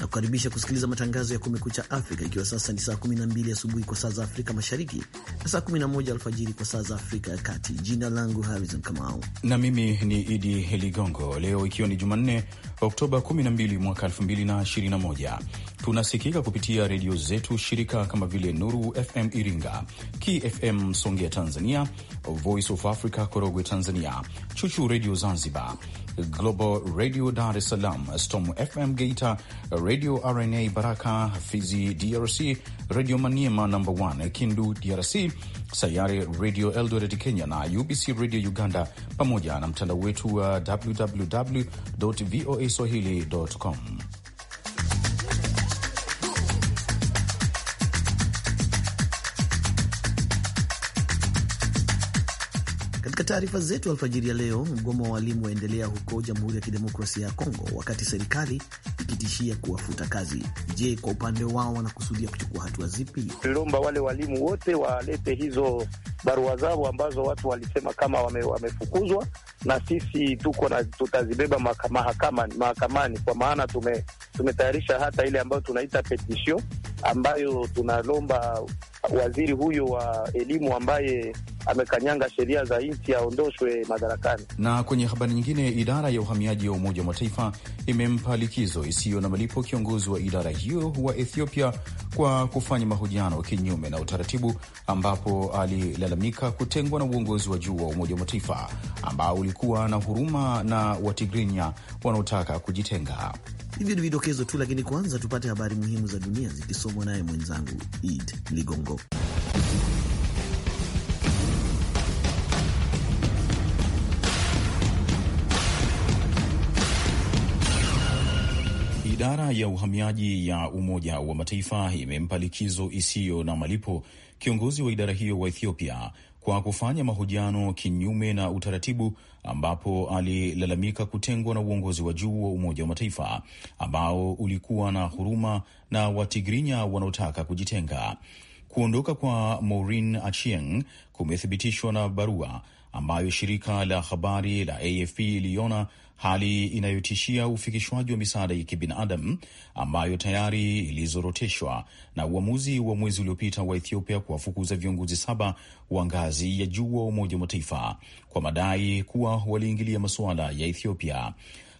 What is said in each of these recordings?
na kukaribisha kusikiliza matangazo ya Kumekucha Afrika, ikiwa sasa ni saa 12 asubuhi kwa saa za Afrika Mashariki na saa 11 alfajiri kwa saa za Afrika ya Kati. Jina langu Harrison Kamau na mimi ni Idi Ligongo. Leo ikiwa ni Jumanne, Oktoba 12 mwaka 2021 Tunasikika kupitia redio zetu shirika kama vile Nuru FM Iringa, KFM Songea Tanzania, Voice of Africa Korogwe Tanzania, Chuchu Redio Zanzibar, Global Radio Dar es Salaam, Storm FM Geita, Radio RNA Baraka Fizi DRC, Radio Maniema namba 1 Kindu DRC, sayare Radio Eldoret Kenya na UBC Radio Uganda, pamoja na mtandao wetu wa www voa swahili.com. Katika taarifa zetu alfajiri ya leo, mgomo wa walimu waendelea huko Jamhuri ya Kidemokrasia ya Kongo, wakati serikali ikitishia kuwafuta kazi. Je, kwa upande wao wanakusudia kuchukua hatua zipi? Tulilomba wale walimu wote walete hizo barua zao ambazo watu walisema kama wame, wamefukuzwa, na sisi tuko na tutazibeba mahakamani, mahakamani kwa maana tume, tumetayarisha hata ile ambayo tunaita petition ambayo tunalomba waziri huyo wa elimu ambaye amekanyanga sheria za nchi aondoshwe madarakani. Na kwenye habari nyingine, idara ya uhamiaji ya Umoja wa Mataifa imempa likizo isiyo na malipo kiongozi wa idara hiyo wa Ethiopia kwa kufanya mahojiano kinyume na utaratibu, ambapo alilalamika kutengwa na uongozi wa juu wa Umoja wa Mataifa ambao ulikuwa na huruma na Watigrinya wanaotaka kujitenga. Hivyo ni vidokezo tu, lakini kwanza tupate habari muhimu za dunia zikisomwa naye mwenzangu Id Ligongo. Idara ya uhamiaji ya Umoja wa Mataifa imempa likizo isiyo na malipo kiongozi wa idara hiyo wa Ethiopia kwa kufanya mahojiano kinyume na utaratibu, ambapo alilalamika kutengwa na uongozi wa juu wa Umoja wa Mataifa ambao ulikuwa na huruma na Watigrinya wanaotaka kujitenga. Kuondoka kwa Maureen Achieng kumethibitishwa na barua ambayo shirika la habari la AFP iliona hali inayotishia ufikishwaji wa misaada ya kibinadamu ambayo tayari ilizoroteshwa na uamuzi wa mwezi uliopita wa Ethiopia kuwafukuza viongozi saba wa ngazi ya juu wa Umoja wa Mataifa kwa madai kuwa waliingilia masuala ya Ethiopia.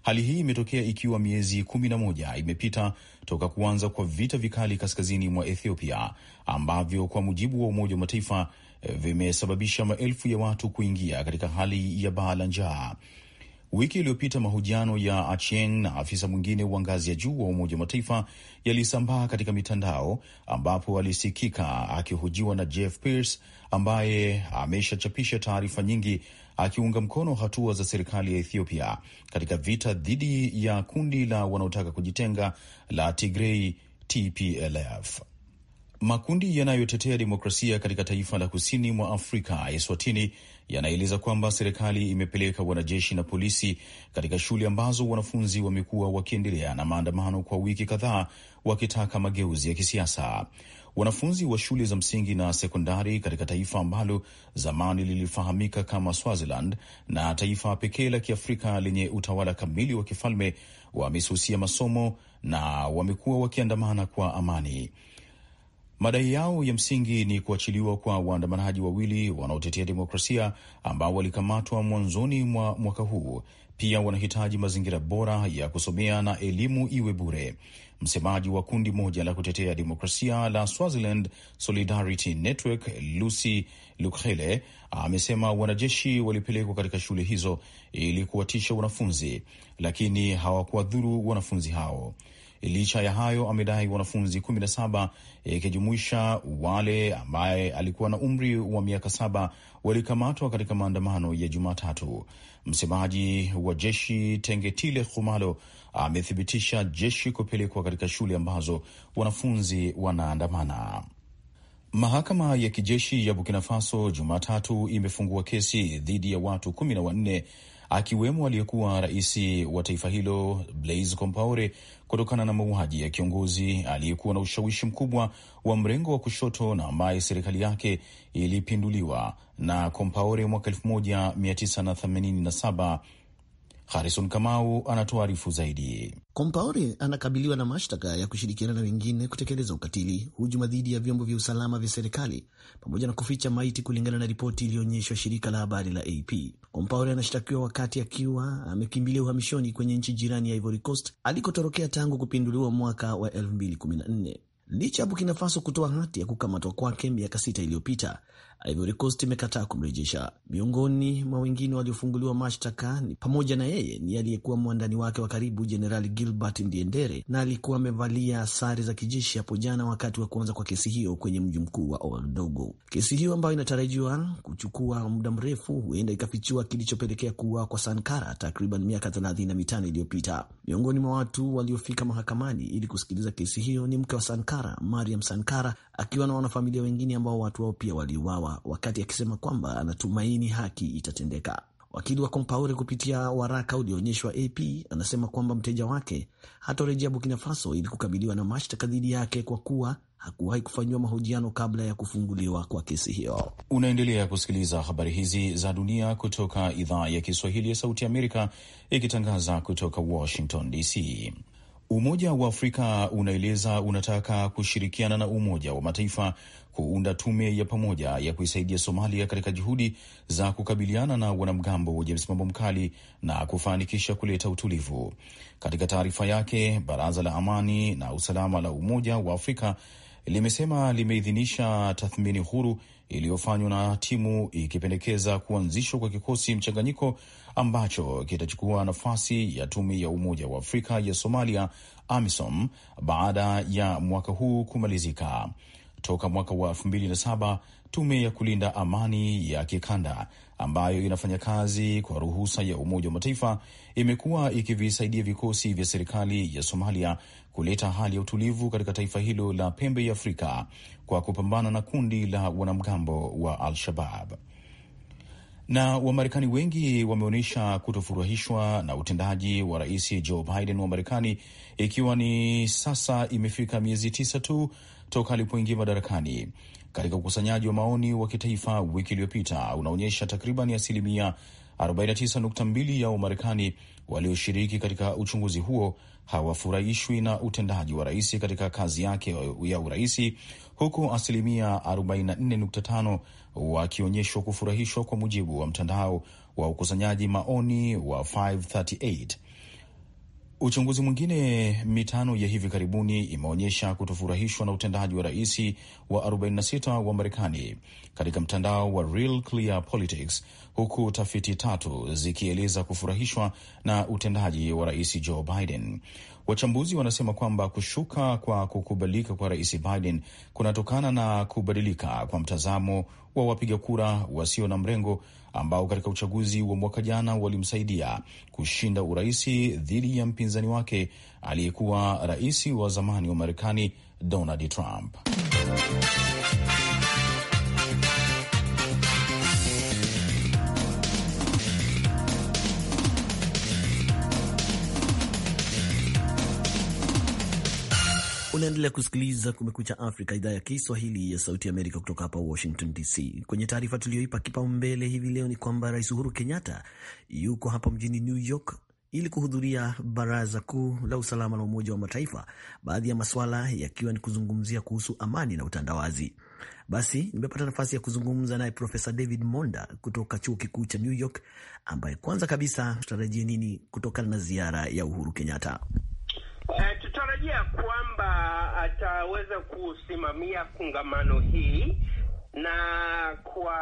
Hali hii imetokea ikiwa miezi kumi na moja imepita toka kuanza kwa vita vikali kaskazini mwa Ethiopia ambavyo kwa mujibu wa Umoja wa Mataifa vimesababisha maelfu ya watu kuingia katika hali ya baa la njaa. Wiki iliyopita mahojiano ya Achieng na afisa mwingine wa ngazi ya juu wa Umoja wa Mataifa yalisambaa katika mitandao, ambapo alisikika akihojiwa na Jeff Pierce ambaye ameshachapisha taarifa nyingi akiunga mkono hatua za serikali ya Ethiopia katika vita dhidi ya kundi la wanaotaka kujitenga la Tigrei TPLF. Makundi yanayotetea demokrasia katika taifa la kusini mwa Afrika, Eswatini, yanaeleza kwamba serikali imepeleka wanajeshi na polisi katika shule ambazo wanafunzi wamekuwa wakiendelea na maandamano kwa wiki kadhaa wakitaka mageuzi ya kisiasa. Wanafunzi wa shule za msingi na sekondari katika taifa ambalo zamani lilifahamika kama Swaziland na taifa pekee la Kiafrika lenye utawala kamili wa kifalme wamesusia masomo na wamekuwa wakiandamana kwa amani. Madai yao ya msingi ni kuachiliwa kwa waandamanaji wawili wanaotetea demokrasia ambao walikamatwa mwanzoni mwa mwaka huu. Pia wanahitaji mazingira bora ya kusomea na elimu iwe bure. Msemaji wa kundi moja la kutetea demokrasia la Swaziland Solidarity Network, Lucy Lukhele, amesema wanajeshi walipelekwa katika shule hizo ili kuwatisha wanafunzi, lakini hawakuwadhuru wanafunzi hao. E, licha ya hayo, amedai wanafunzi kumi na saba e, ikijumuisha wale ambaye alikuwa na umri wa miaka saba walikamatwa katika maandamano ya Jumatatu. Msemaji wa jeshi Tengetile Khumalo amethibitisha jeshi kupelekwa katika shule ambazo wanafunzi wanaandamana. Mahakama ya kijeshi ya Burkina Faso Jumatatu imefungua kesi dhidi ya watu kumi na wanne akiwemo aliyekuwa rais wa taifa hilo Blaise Compaore kutokana na mauaji ya kiongozi aliyekuwa na ushawishi mkubwa wa mrengo wa kushoto na ambaye serikali yake ilipinduliwa na kompaore mwaka 1987 Harison Kamau anatuarifu zaidi. Kompaore anakabiliwa na mashtaka ya kushirikiana na wengine kutekeleza ukatili, hujuma dhidi ya vyombo vya usalama vya serikali pamoja na kuficha maiti, kulingana na ripoti iliyoonyeshwa shirika la habari la AP. Kompaore anashtakiwa wakati akiwa amekimbilia uhamishoni kwenye nchi jirani ya Ivory Coast alikotorokea tangu kupinduliwa mwaka wa 2014. Licha ya Bukina Faso kutoa hati ya kukamatwa kwake miaka sita iliyopita, Ivory Coast imekataa kumrejesha. Miongoni mwa wengine waliofunguliwa mashtaka pamoja na yeye ni aliyekuwa mwandani wake wa karibu Jenerali Gilbert Ndiendere, na alikuwa amevalia sare za kijeshi hapo jana wakati wa kuanza kwa kesi hiyo kwenye mji mkuu wa Ouagadougou. Kesi hiyo ambayo inatarajiwa kuchukua muda mrefu, huenda ikafichua kilichopelekea kuuawa kwa Sankara takriban miaka thelathini na mitano iliyopita. Miongoni mwa watu waliofika mahakamani ili kusikiliza kesi hiyo ni mke wa Sankara, Mariam Sankara, akiwa na wanafamilia wengine ambao watu wao pia waliuawa, wakati akisema kwamba anatumaini haki itatendeka. Wakili wa Compaore kupitia waraka ulioonyeshwa AP anasema kwamba mteja wake hatorejea Burkina Faso ili kukabiliwa na mashtaka dhidi yake kwa kuwa hakuwahi kufanyiwa mahojiano kabla ya kufunguliwa kwa kesi hiyo. Unaendelea kusikiliza habari hizi za dunia kutoka idhaa ya Kiswahili ya Sauti ya Amerika ikitangaza kutoka Washington DC. Umoja wa Afrika unaeleza unataka kushirikiana na Umoja wa Mataifa kuunda tume ya pamoja ya kuisaidia Somalia katika juhudi za kukabiliana na wanamgambo wenye msimamo mkali na kufanikisha kuleta utulivu. Katika taarifa yake, Baraza la Amani na Usalama la Umoja wa Afrika limesema limeidhinisha tathmini huru iliyofanywa na timu ikipendekeza kuanzishwa kwa kikosi mchanganyiko ambacho kitachukua nafasi ya tume ya Umoja wa Afrika ya Somalia, AMISOM, baada ya mwaka huu kumalizika. Toka mwaka wa 2007 tume ya kulinda amani ya kikanda ambayo inafanya kazi kwa ruhusa ya Umoja wa Mataifa imekuwa ikivisaidia vikosi vya serikali ya Somalia kuleta hali ya utulivu katika taifa hilo la pembe ya Afrika kwa kupambana na kundi la wanamgambo wa Al-Shabab. Na Wamarekani wengi wameonyesha kutofurahishwa na utendaji wa Rais Joe Biden wa Marekani, ikiwa ni sasa imefika miezi tisa tu toka alipoingia madarakani katika ukusanyaji wa maoni wa kitaifa wiki iliyopita unaonyesha takriban asilimia 49.2 ya Wamarekani walioshiriki katika uchunguzi huo hawafurahishwi na utendaji wa rais katika kazi yake ya uraisi, huku asilimia 44.5 wakionyeshwa kufurahishwa, kwa mujibu wa mtandao wa ukusanyaji maoni wa 538. Uchunguzi mwingine mitano ya hivi karibuni imeonyesha kutofurahishwa na utendaji wa rais wa 46 wa Marekani katika mtandao wa Real Clear Politics, huku tafiti tatu zikieleza kufurahishwa na utendaji wa rais Joe Biden. Wachambuzi wanasema kwamba kushuka kwa kukubalika kwa Rais Biden kunatokana na kubadilika kwa mtazamo wa wapiga kura wasio na mrengo ambao katika uchaguzi wa mwaka jana walimsaidia kushinda uraisi dhidi ya mpinzani wake aliyekuwa rais wa zamani wa Marekani Donald Trump. Unaendelea kusikiliza Kumekucha Afrika, idhaa ya Kiswahili ya Sauti ya Amerika kutoka hapa Washington DC. Kwenye taarifa tuliyoipa kipaumbele hivi leo ni kwamba Rais Uhuru Kenyatta yuko hapa mjini New York ili kuhudhuria Baraza Kuu la Usalama la Umoja wa Mataifa, baadhi ya maswala yakiwa ni kuzungumzia kuhusu amani na utandawazi. Basi nimepata nafasi ya kuzungumza naye Profesa David Monda kutoka chuo kikuu cha New York, ambaye kwanza kabisa tutarajie nini kutokana na ziara ya Uhuru Kenyatta? anatarajia kwamba ataweza kusimamia kongamano hii na kwa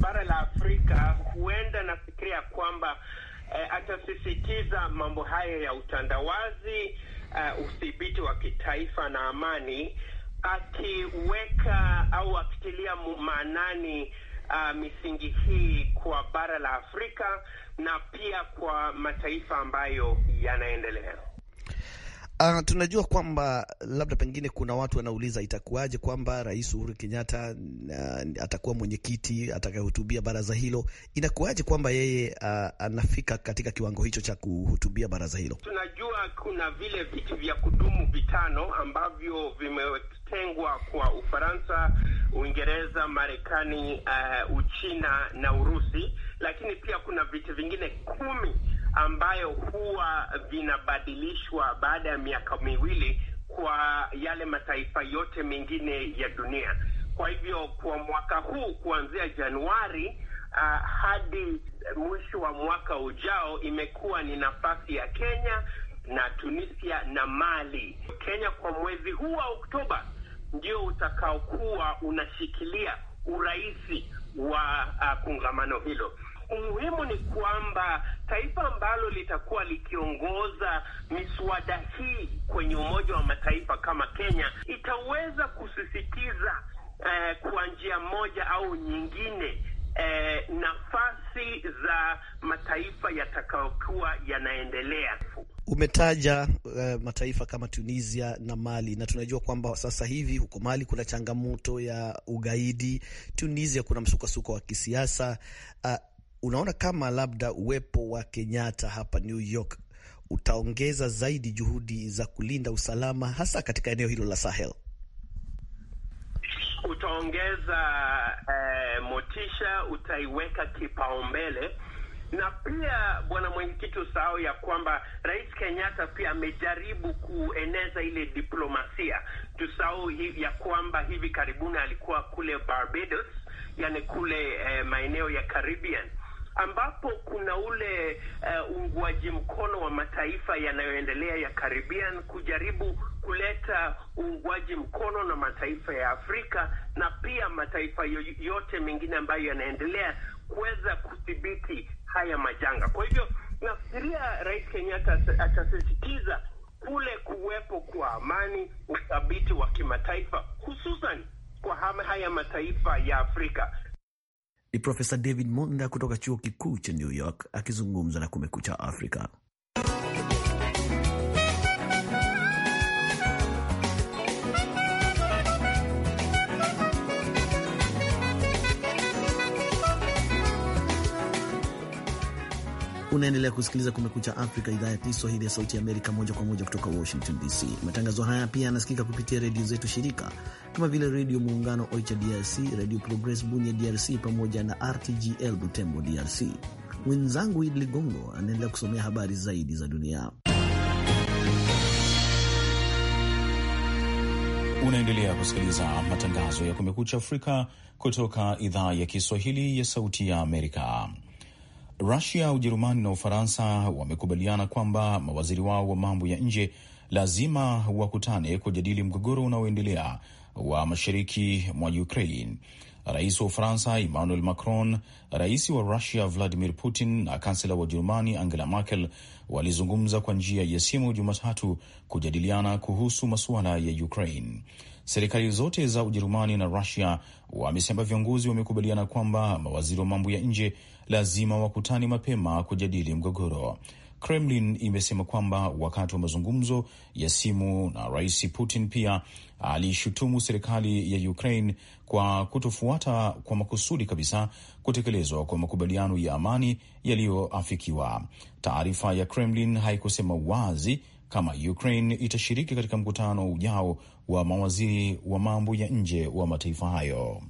bara la Afrika huenda nafikiria kwamba eh, atasisitiza mambo hayo ya utandawazi, uh, eh, udhibiti wa kitaifa na amani, akiweka au akitilia maanani uh, misingi hii kwa bara la Afrika na pia kwa mataifa ambayo yanaendelea. Uh, tunajua kwamba labda pengine kuna watu wanauliza itakuwaje kwamba Rais Uhuru Kenyatta uh, atakuwa mwenyekiti atakayehutubia baraza hilo. Inakuwaje kwamba yeye uh, anafika katika kiwango hicho cha kuhutubia baraza hilo? Tunajua kuna vile viti vya kudumu vitano ambavyo vimetengwa kwa Ufaransa, Uingereza, Marekani, uh, Uchina na Urusi, lakini pia kuna viti vingine kumi ambayo huwa vinabadilishwa baada ya miaka miwili kwa yale mataifa yote mengine ya dunia. Kwa hivyo kwa mwaka huu kuanzia Januari uh, hadi mwisho wa mwaka ujao imekuwa ni nafasi ya Kenya na Tunisia na Mali. Kenya kwa mwezi huu wa Oktoba ndio utakaokuwa unashikilia urahisi wa uh, kongamano hilo. Umuhimu ni kwamba taifa ambalo litakuwa likiongoza miswada hii kwenye Umoja wa Mataifa kama Kenya itaweza kusisitiza eh, kwa njia moja au nyingine eh, nafasi za mataifa yatakayokuwa yanaendelea. Umetaja uh, mataifa kama Tunisia na Mali, na tunajua kwamba sasa hivi huko Mali kuna changamoto ya ugaidi, Tunisia kuna msukosuko wa kisiasa uh, unaona kama labda uwepo wa Kenyatta hapa New York utaongeza zaidi juhudi za kulinda usalama hasa katika eneo hilo la Sahel? Utaongeza eh, motisha, utaiweka kipaumbele na pia bwana mwenyekiti, usahau ya kwamba Rais Kenyatta pia amejaribu kueneza ile diplomasia. Tusahau ya kwamba hivi karibuni alikuwa kule Barbados, yani kule eh, maeneo ya Caribbean ambapo kuna ule uh, mkono wa mataifa yanayoendelea ya Caribbean kujaribu kuleta uungwaji mkono na mataifa ya Afrika na pia mataifa yote mengine ambayo yanaendelea kuweza kudhibiti haya majanga. Kwa hivyo nafikiria Rais Kenyatta atasisitiza kule kuwepo kwa amani, uthabiti wa kimataifa, hususan kwa haya mataifa ya Afrika. Ni Profesa David Monda kutoka chuo kikuu cha New York akizungumza na Kumekucha Afrika. Unaendelea kusikiliza Kumekucha Afrika, idhaa ya Kiswahili ya Sauti ya Amerika, moja kwa moja kutoka Washington DC. Matangazo haya pia yanasikika kupitia redio zetu shirika kama vile Redio Muungano Oicha DRC, Redio Progress Bunye DRC, pamoja na RTGL Butembo DRC. Mwenzangu Idi Ligongo anaendelea kusomea habari zaidi za dunia. Unaendelea kusikiliza matangazo ya Kumekucha Afrika kutoka idhaa ya Kiswahili ya Sauti ya Amerika. Rusia, Ujerumani na Ufaransa wamekubaliana kwamba mawaziri wao wa mambo ya nje lazima wakutane kujadili mgogoro unaoendelea wa mashariki mwa Ukraine. Rais wa Ufaransa Emmanuel Macron, rais wa Rusia Vladimir Putin na kansela wa Ujerumani Angela Merkel walizungumza kwa njia ya simu Jumatatu kujadiliana kuhusu masuala ya Ukraine. Serikali zote za Ujerumani na Rusia wamesema viongozi wamekubaliana kwamba mawaziri wa mambo ya nje lazima wakutani mapema kujadili mgogoro. Kremlin imesema kwamba wakati wa mazungumzo ya simu na Rais Putin pia aliishutumu serikali ya Ukraine kwa kutofuata kwa makusudi kabisa kutekelezwa kwa makubaliano ya amani yaliyoafikiwa. Taarifa ya Kremlin haikusema wazi kama Ukraine itashiriki katika mkutano ujao wa mawaziri wa mambo ya nje wa mataifa hayo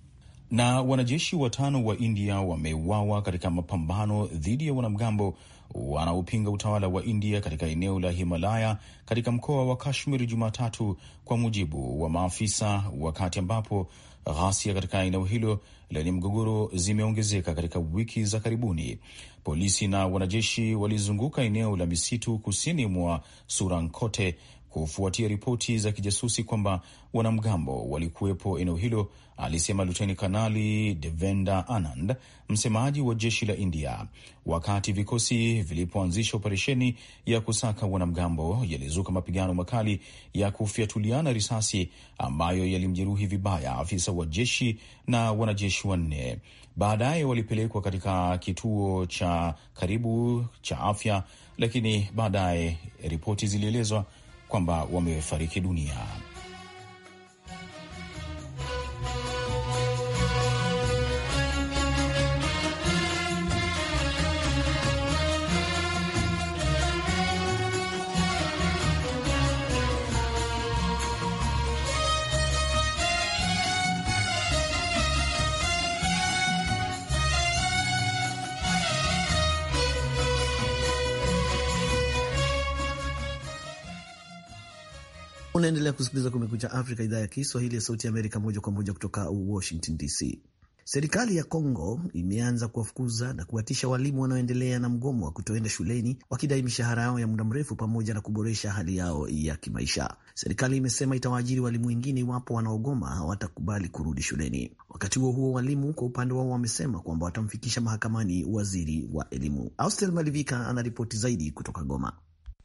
na wanajeshi watano wa India wameuawa katika mapambano dhidi ya wanamgambo wanaopinga utawala wa India katika eneo la Himalaya katika mkoa wa Kashmir Jumatatu, kwa mujibu wa maafisa, wakati ambapo ghasia katika eneo hilo lenye mgogoro zimeongezeka katika wiki za karibuni. Polisi na wanajeshi walizunguka eneo la misitu kusini mwa Surankote kufuatia ripoti za kijasusi kwamba wanamgambo walikuwepo eneo hilo, alisema Luteni Kanali devenda Anand, msemaji wa jeshi la India. Wakati vikosi vilipoanzisha operesheni ya kusaka wanamgambo, yalizuka mapigano makali ya kufyatuliana risasi ambayo yalimjeruhi vibaya afisa wa jeshi na wanajeshi wanne. Baadaye walipelekwa katika kituo cha karibu cha afya, lakini baadaye ripoti zilielezwa kwamba wamefariki dunia. Unaendelea kusikiliza Kumekucha Afrika, idhaa ya Kiswahili ya Sauti ya Amerika, moja kwa moja kutoka Washington DC. Serikali ya Kongo imeanza kuwafukuza na kuwatisha walimu wanaoendelea na mgomo wa kutoenda shuleni wakidai mishahara yao ya muda mrefu pamoja na kuboresha hali yao ya kimaisha. Serikali imesema itawaajiri walimu wengine iwapo wanaogoma hawatakubali kurudi shuleni. Wakati huo huo, walimu kwa upande wao wamesema kwamba watamfikisha mahakamani waziri wa elimu. Austel Malivika anaripoti zaidi kutoka Goma.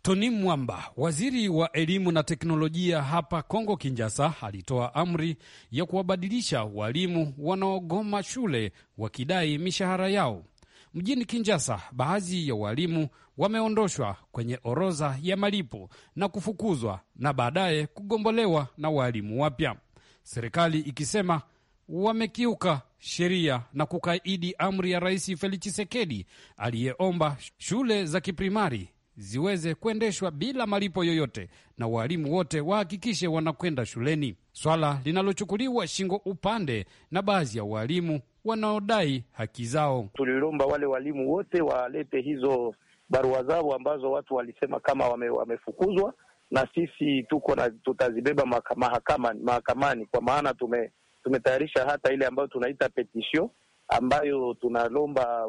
Tony Mwamba, waziri wa elimu na teknolojia hapa Kongo kinjasa alitoa amri ya kuwabadilisha walimu wanaogoma shule wakidai mishahara yao. Mjini kinjasa baadhi ya walimu wameondoshwa kwenye orodha ya malipo na kufukuzwa na baadaye kugombolewa na walimu wapya, serikali ikisema wamekiuka sheria na kukaidi amri ya Rais Felix Tshisekedi aliyeomba shule za kiprimari ziweze kuendeshwa bila malipo yoyote na walimu wote wahakikishe wanakwenda shuleni, swala linalochukuliwa shingo upande na baadhi ya walimu wanaodai haki zao. Tulilomba wale walimu wote walete hizo barua zao ambazo watu walisema kama wame, wamefukuzwa na sisi tuko na tutazibeba mahakamani, mahakamani kwa maana tume, tumetayarisha hata ile ambayo tunaita petisio ambayo tunalomba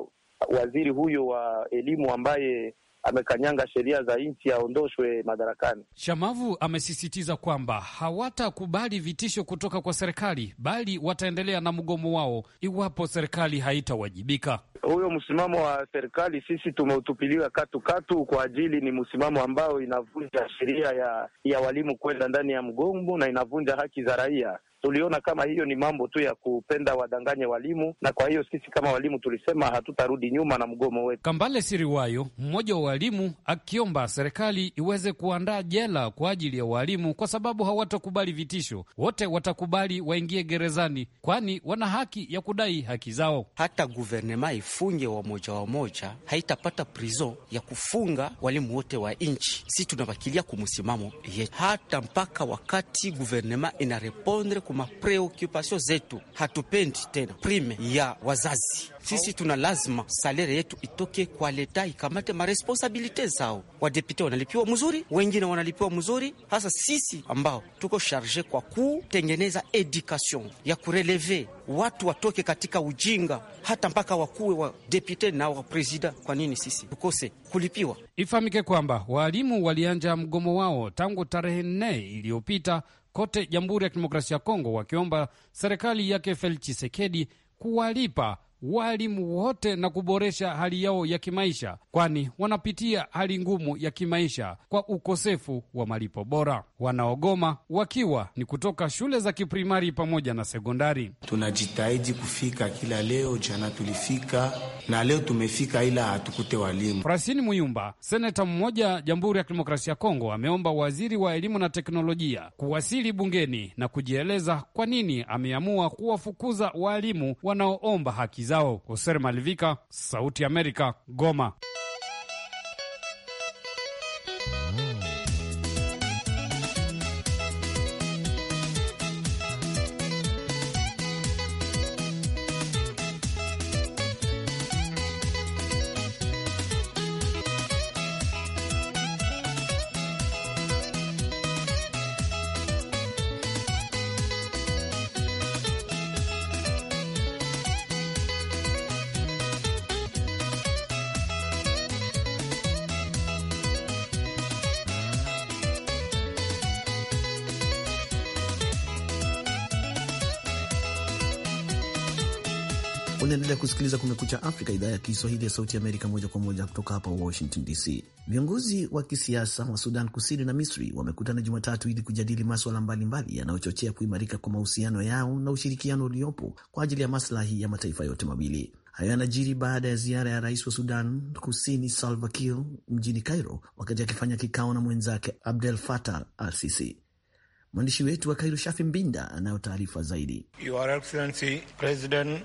waziri huyo wa elimu ambaye amekanyanga sheria za nchi aondoshwe madarakani. Shamavu amesisitiza kwamba hawatakubali vitisho kutoka kwa serikali, bali wataendelea na mgomo wao iwapo serikali haitawajibika. Huyo msimamo wa serikali sisi tumeutupilia katukatu, kwa ajili ni msimamo ambao inavunja sheria ya, ya walimu kwenda ndani ya mgomo na inavunja haki za raia tuliona kama hiyo ni mambo tu ya kupenda wadanganye walimu, na kwa hiyo sisi kama walimu tulisema hatutarudi nyuma na mgomo wetu. Kambale Siriwayo, mmoja wa walimu, akiomba serikali iweze kuandaa jela kwa ajili ya walimu, kwa sababu hawatakubali vitisho. Wote watakubali waingie gerezani, kwani wana haki ya kudai haki zao. Hata guvernema ifunge wamoja wamoja, haitapata prizo ya kufunga walimu wote wa nchi. Si tunabakilia kumsimamo yetu hata mpaka wakati guvernema inarepondre kum mapreokupasio zetu. Hatupendi tena prime ya wazazi. Sisi tuna lazima salere yetu itoke kwa leta, ikamate maresponsabilite zao. Wadepute wanalipiwa mzuri, wengine wanalipiwa mzuri, hasa sisi ambao tuko sharge kwa kutengeneza education ya kureleve watu watoke katika ujinga hata mpaka wakuwe wa depute na wa presida. Kwa nini sisi tukose kulipiwa? Ifahamike kwamba waalimu walianja mgomo wao tangu tarehe nne iliyopita kote Jamhuri ya Kidemokrasia ya Kongo, wakiomba serikali yake Felix Tshisekedi kuwalipa walimu wote na kuboresha hali yao ya kimaisha, kwani wanapitia hali ngumu ya kimaisha kwa ukosefu wa malipo bora. Wanaogoma wakiwa ni kutoka shule za kiprimari pamoja na sekondari. Tunajitahidi kufika kila leo, jana tulifika na leo tumefika, ila hatukute walimu. Frasini Muyumba, seneta mmoja Jamhuri ya Kidemokrasia ya Kongo, ameomba waziri wa elimu na teknolojia kuwasili bungeni na kujieleza kwa nini ameamua kuwafukuza waalimu wanaoomba haki zao. Hoser Malivika, Sauti ya Amerika, Goma. unasikiliza Kumekucha Afrika, idhaa ya Kiswahili ya Sauti Amerika, moja kwa moja kutoka hapa Washington DC. Viongozi wa kisiasa wa Sudan Kusini na Misri wamekutana Jumatatu ili kujadili maswala mbalimbali yanayochochea kuimarika kwa mahusiano yao na ushirikiano uliopo kwa ajili ya maslahi ya mataifa yote mawili. Hayo yanajiri baada ya ziara ya rais wa Sudan Kusini Salva Kiir mjini Cairo, wakati akifanya kikao na mwenzake Abdel Fattah RCC. Mwandishi wetu wa Kairo, Shafi Mbinda, anayo taarifa zaidi. Your Excellency President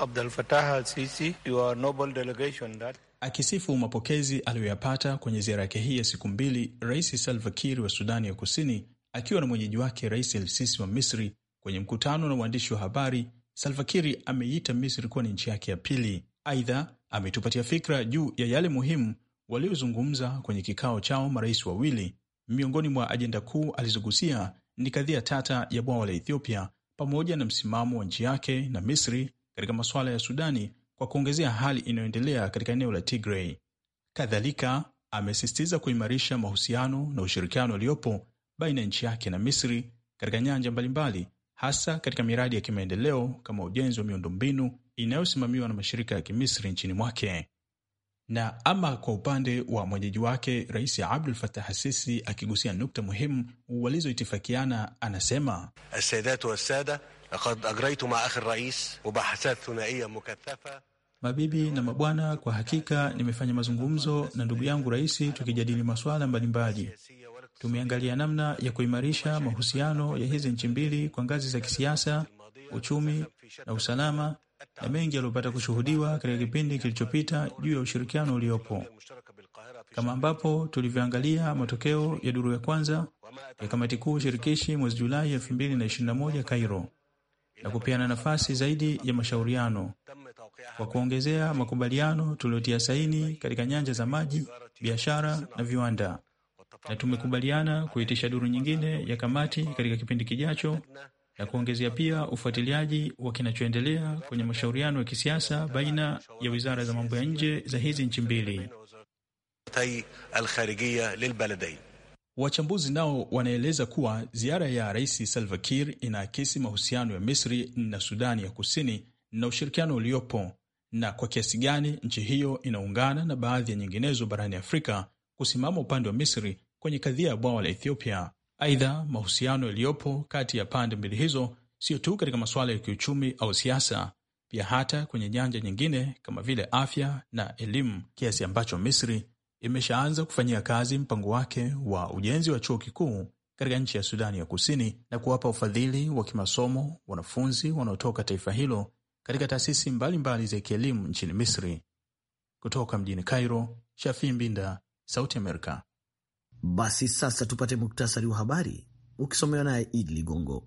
al-Sisi, your noble delegation that... Akisifu mapokezi aliyoyapata kwenye ziara yake hii ya siku mbili, Rais Salva Kiir wa Sudani ya Kusini akiwa na mwenyeji wake Rais el-Sisi wa Misri kwenye mkutano na waandishi wa habari, Salva Kiir ameiita Misri kuwa ni nchi yake ya pili. Aidha, ametupatia fikra juu ya yale muhimu waliozungumza kwenye kikao chao marais wawili. Miongoni mwa ajenda kuu alizogusia ni kadhia tata ya bwawa la Ethiopia pamoja na msimamo wa nchi yake na Misri katika masuala ya Sudani kwa kuongezea hali inayoendelea katika eneo la Tigray. Kadhalika amesisitiza kuimarisha mahusiano na ushirikiano uliopo baina ya nchi yake na Misri katika nyanja mbalimbali, hasa katika miradi ya kimaendeleo kama ujenzi wa miundombinu inayosimamiwa na mashirika ya Kimisri nchini mwake. Na ama kwa upande wa mwenyeji wake Rais Abdul Fatah Sisi, akigusia nukta muhimu walizoitifakiana, anasema assadatu wassada لقد اجريت مع akhir rais مباحثات ثنائيه مكثفه Mabibi na mabwana, kwa hakika nimefanya mazungumzo na ndugu yangu rais, tukijadili masuala mbalimbali. Tumeangalia namna ya kuimarisha mahusiano ya hizi nchi mbili kwa ngazi za kisiasa, uchumi na usalama, na mengi yaliyopata kushuhudiwa katika kipindi kilichopita juu ya ushirikiano uliopo, kama ambapo tulivyoangalia matokeo ya duru ya kwanza ya kamati kuu shirikishi mwezi Julai 2021 Cairo na kupeana nafasi zaidi ya mashauriano. Kwa kuongezea, makubaliano tuliotia saini katika nyanja za maji, biashara na viwanda, na tumekubaliana kuitisha duru nyingine ya kamati katika kipindi kijacho na kuongezea pia ufuatiliaji wa kinachoendelea kwenye mashauriano ya kisiasa baina ya wizara za mambo ya nje za hizi nchi mbili. Wachambuzi nao wanaeleza kuwa ziara ya Rais Salva Kiir inaakisi mahusiano ya Misri na Sudani ya Kusini na ushirikiano uliopo na kwa kiasi gani nchi hiyo inaungana na baadhi ya nyinginezo barani Afrika kusimama upande wa Misri kwenye kadhia ya bwawa la Ethiopia. Aidha, mahusiano yaliyopo kati ya pande mbili hizo sio tu katika masuala ya kiuchumi au siasa, pia hata kwenye nyanja nyingine kama vile afya na elimu, kiasi ambacho Misri imeshaanza kufanyia kazi mpango wake wa ujenzi wa chuo kikuu katika nchi ya Sudani ya Kusini na kuwapa ufadhili wa kimasomo wanafunzi wanaotoka taifa hilo katika taasisi mbalimbali za kielimu nchini Misri. Kutoka mjini Cairo, shafi Mbinda, Sauti Amerika. Basi sasa tupate muktasari wa habari ukisomewa naye Idi Ligongo.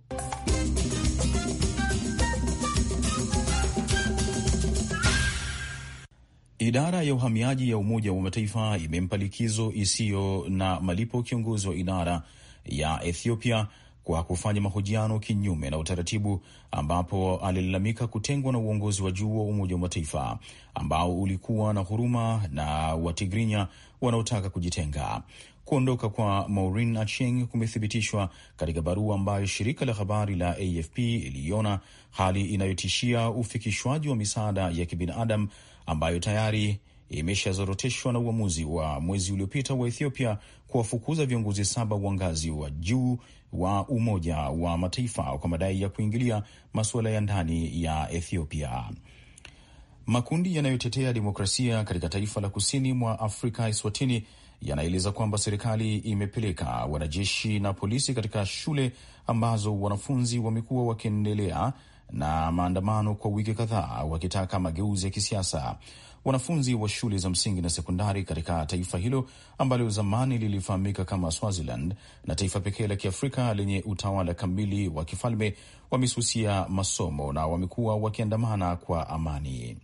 Idara ya uhamiaji ya Umoja wa Mataifa imempa likizo isiyo na malipo kiongozi wa idara ya Ethiopia kwa kufanya mahojiano kinyume na utaratibu, ambapo alilalamika kutengwa na uongozi wa juu wa Umoja wa Mataifa ambao ulikuwa na huruma na Watigrinya wanaotaka kujitenga. Kuondoka kwa Maureen Acheng kumethibitishwa katika barua ambayo shirika la habari la AFP iliiona, hali inayotishia ufikishwaji wa misaada ya kibinadamu ambayo tayari imeshazoroteshwa na uamuzi wa mwezi uliopita wa Ethiopia kuwafukuza viongozi saba wa ngazi wa juu wa Umoja wa Mataifa kwa madai ya kuingilia masuala ya ndani ya Ethiopia. Makundi yanayotetea demokrasia katika taifa la kusini mwa Afrika, Eswatini, yanaeleza kwamba serikali imepeleka wanajeshi na polisi katika shule ambazo wanafunzi wamekuwa wakiendelea na maandamano kwa wiki kadhaa wakitaka mageuzi ya kisiasa. Wanafunzi wa shule za msingi na sekondari katika taifa hilo ambalo zamani lilifahamika kama Swaziland na taifa pekee la Kiafrika lenye utawala kamili wa kifalme wamesusia masomo na wamekuwa wakiandamana kwa amani.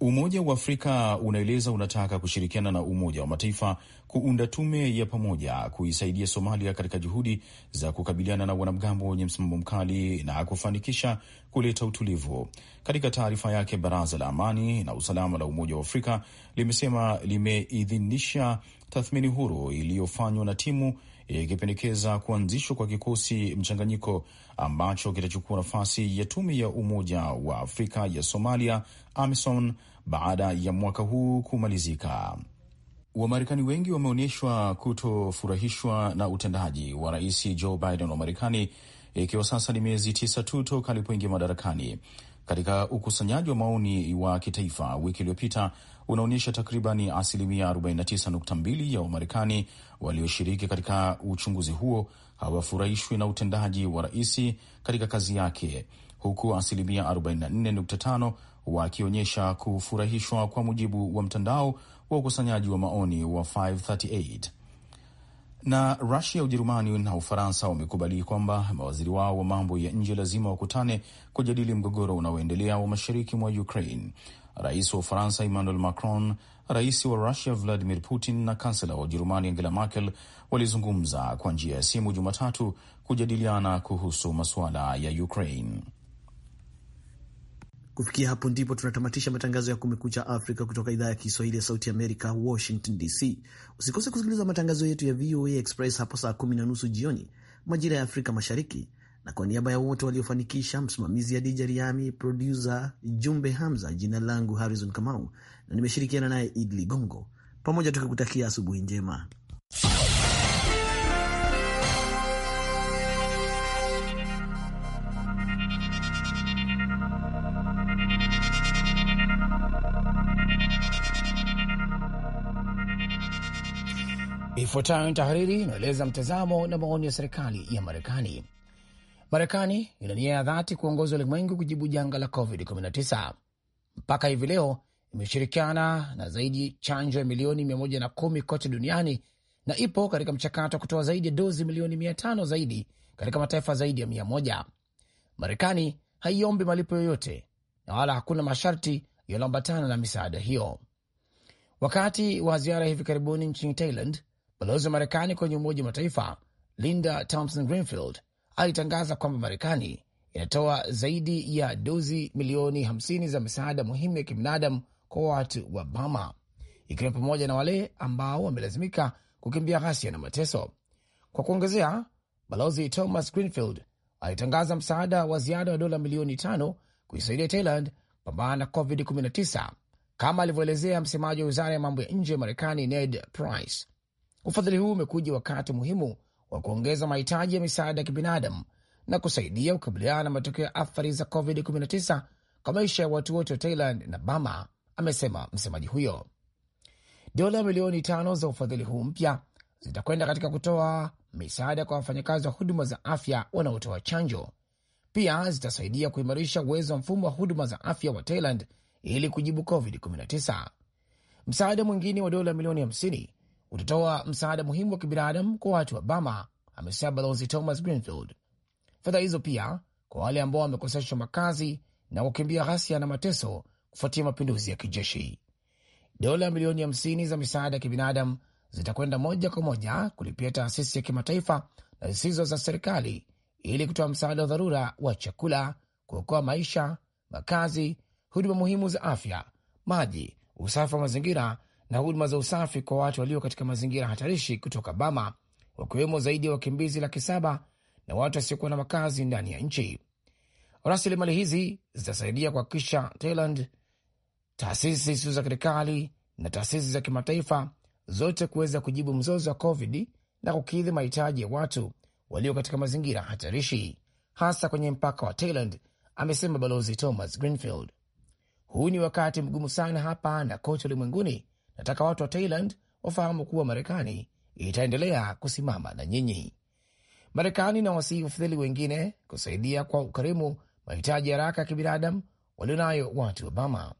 Umoja wa Afrika unaeleza unataka kushirikiana na Umoja wa Mataifa kuunda tume ya pamoja kuisaidia Somalia katika juhudi za kukabiliana na wanamgambo wenye msimamo mkali na kufanikisha kuleta utulivu. Katika taarifa yake, baraza la amani na usalama la Umoja wa Afrika limesema limeidhinisha tathmini huru iliyofanywa na timu ikipendekeza kuanzishwa kwa kikosi mchanganyiko ambacho kitachukua nafasi ya tume ya Umoja wa Afrika ya Somalia, AMISON, baada ya mwaka huu kumalizika. Wamarekani wengi wameonyeshwa kutofurahishwa na utendaji wa Rais Joe Biden wa Marekani, ikiwa sasa ni miezi tisa tu toka alipoingia madarakani. Katika ukusanyaji wa maoni wa kitaifa wiki iliyopita unaonyesha takribani asilimia 49.2 ya Wamarekani walioshiriki katika uchunguzi huo hawafurahishwi na utendaji wa rais katika kazi yake, huku asilimia 44.5 wakionyesha kufurahishwa, kwa mujibu wa mtandao wa ukusanyaji wa maoni wa 538 na Rusia, Ujerumani na Ufaransa wamekubali kwamba mawaziri wao wa mambo ya nje lazima wakutane kujadili mgogoro unaoendelea wa mashariki mwa Ukraine. Rais wa Ufaransa Emmanuel Macron, rais wa Rusia Vladimir Putin na kansela wa Ujerumani Angela Merkel walizungumza kwa njia ya simu Jumatatu kujadiliana kuhusu masuala ya Ukraine. Kufikia hapo ndipo tunatamatisha matangazo ya Kumekucha Afrika kutoka idhaa ya Kiswahili ya Sauti Amerika, Washington DC. Usikose kusikiliza matangazo yetu ya VOA Express hapo saa kumi na nusu jioni majira ya Afrika Mashariki, na kwa niaba ya wote waliofanikisha, msimamizi Adija Riami, produsa Jumbe Hamza, jina langu Harrison Kamau na nimeshirikiana naye Idli Ligongo, pamoja tukikutakia asubuhi njema. Ifuatayo ni tahariri inaeleza mtazamo na maoni ya serikali ya Marekani. Marekani ina nia ya dhati kuongoza ulimwengu kujibu janga la COVID-19. Mpaka hivi leo imeshirikiana na zaidi chanjo ya milioni 110 kote duniani na ipo katika mchakato wa kutoa zaidi ya dozi milioni 500 zaidi katika mataifa zaidi ya 100. Marekani haiombi malipo yoyote na wala hakuna masharti yaliyoambatana na misaada hiyo. Wakati wa ziara hivi karibuni nchini Thailand, Balozi wa Marekani kwenye Umoja wa Mataifa Linda Thompson Greenfield alitangaza kwamba Marekani inatoa zaidi ya dozi milioni 50 za misaada muhimu ya kibinadamu kwa watu wa Bama, ikiwa pamoja na wale ambao wamelazimika kukimbia ghasia na mateso. Kwa kuongezea, balozi Thomas Greenfield alitangaza msaada wa ziada wa dola milioni tano kuisaidia Thailand pambana na COVID-19 kama alivyoelezea msemaji wa wizara ya mambo ya nje ya Marekani Ned Price. Ufadhili huu umekuja wakati muhimu wa kuongeza mahitaji ya misaada ya kibinadamu na kusaidia kukabiliana na matokeo ya athari za COVID-19 kwa maisha ya watu wote wa Thailand na Bama, amesema msemaji huyo. Dola milioni tano za ufadhili huu mpya zitakwenda katika kutoa misaada kwa wafanyakazi wa huduma za afya wanaotoa chanjo. Pia zitasaidia kuimarisha uwezo wa mfumo wa huduma za afya wa Thailand ili kujibu COVID-19. Msaada mwingine wa dola milioni 50 utatoa msaada muhimu wa kibinadamu kwa watu wa Bama, amesema Balozi Thomas Greenfield. Fedha hizo pia kwa wale ambao wamekoseshwa makazi na kukimbia ghasia na mateso kufuatia mapinduzi ya kijeshi. Dola milioni hamsini za misaada ya kibinadamu zitakwenda moja kwa moja kulipia taasisi ya kimataifa na zisizo za serikali ili kutoa msaada wa dharura wa chakula, kuokoa maisha, makazi, huduma muhimu za afya, maji, usafi wa mazingira na huduma za usafi kwa watu walio katika mazingira hatarishi kutoka Bama, wakiwemo zaidi ya wakimbizi laki saba na watu wasiokuwa na makazi ndani ya nchi. Rasilimali hizi zitasaidia kuhakikisha Thailand, taasisi zisizo za serikali na taasisi za kimataifa zote kuweza kujibu mzozo wa COVID na kukidhi mahitaji ya watu walio katika mazingira hatarishi, hasa kwenye mpaka wa Thailand, amesema Balozi Thomas Greenfield. Huu ni wakati mgumu sana hapa na kote ulimwenguni nataka watu wa Thailand wafahamu kuwa Marekani itaendelea kusimama na nyinyi. Marekani na wasii wafadhili wengine kusaidia kwa ukarimu mahitaji ya haraka ya kibinadamu walionayo watu wa Bama.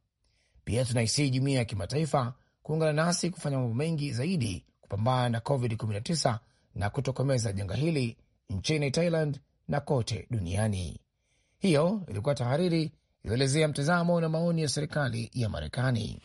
Pia tunaisihi jumuiya ya kimataifa kuungana nasi kufanya mambo mengi zaidi kupambana na COVID-19 na kutokomeza janga hili nchini Thailand na kote duniani. Hiyo ilikuwa tahariri iliyoelezea mtazamo na maoni ya serikali ya Marekani.